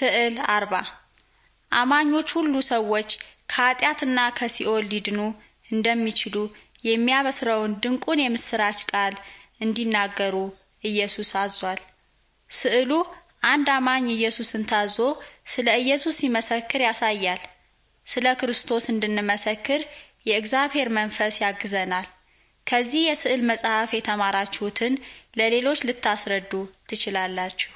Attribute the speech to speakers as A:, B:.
A: ስዕል አርባ አማኞች ሁሉ ሰዎች ከኃጢአትና ከሲኦል ሊድኑ እንደሚችሉ የሚያበስረውን ድንቁን የምስራች ቃል እንዲናገሩ ኢየሱስ አዟል። ስዕሉ አንድ አማኝ ኢየሱስን ታዞ ስለ ኢየሱስ ሲመሰክር ያሳያል። ስለ ክርስቶስ እንድንመሰክር የእግዚአብሔር መንፈስ ያግዘናል። ከዚህ የስዕል መጽሐፍ የተማራችሁትን ለሌሎች ልታስረዱ ትችላላችሁ።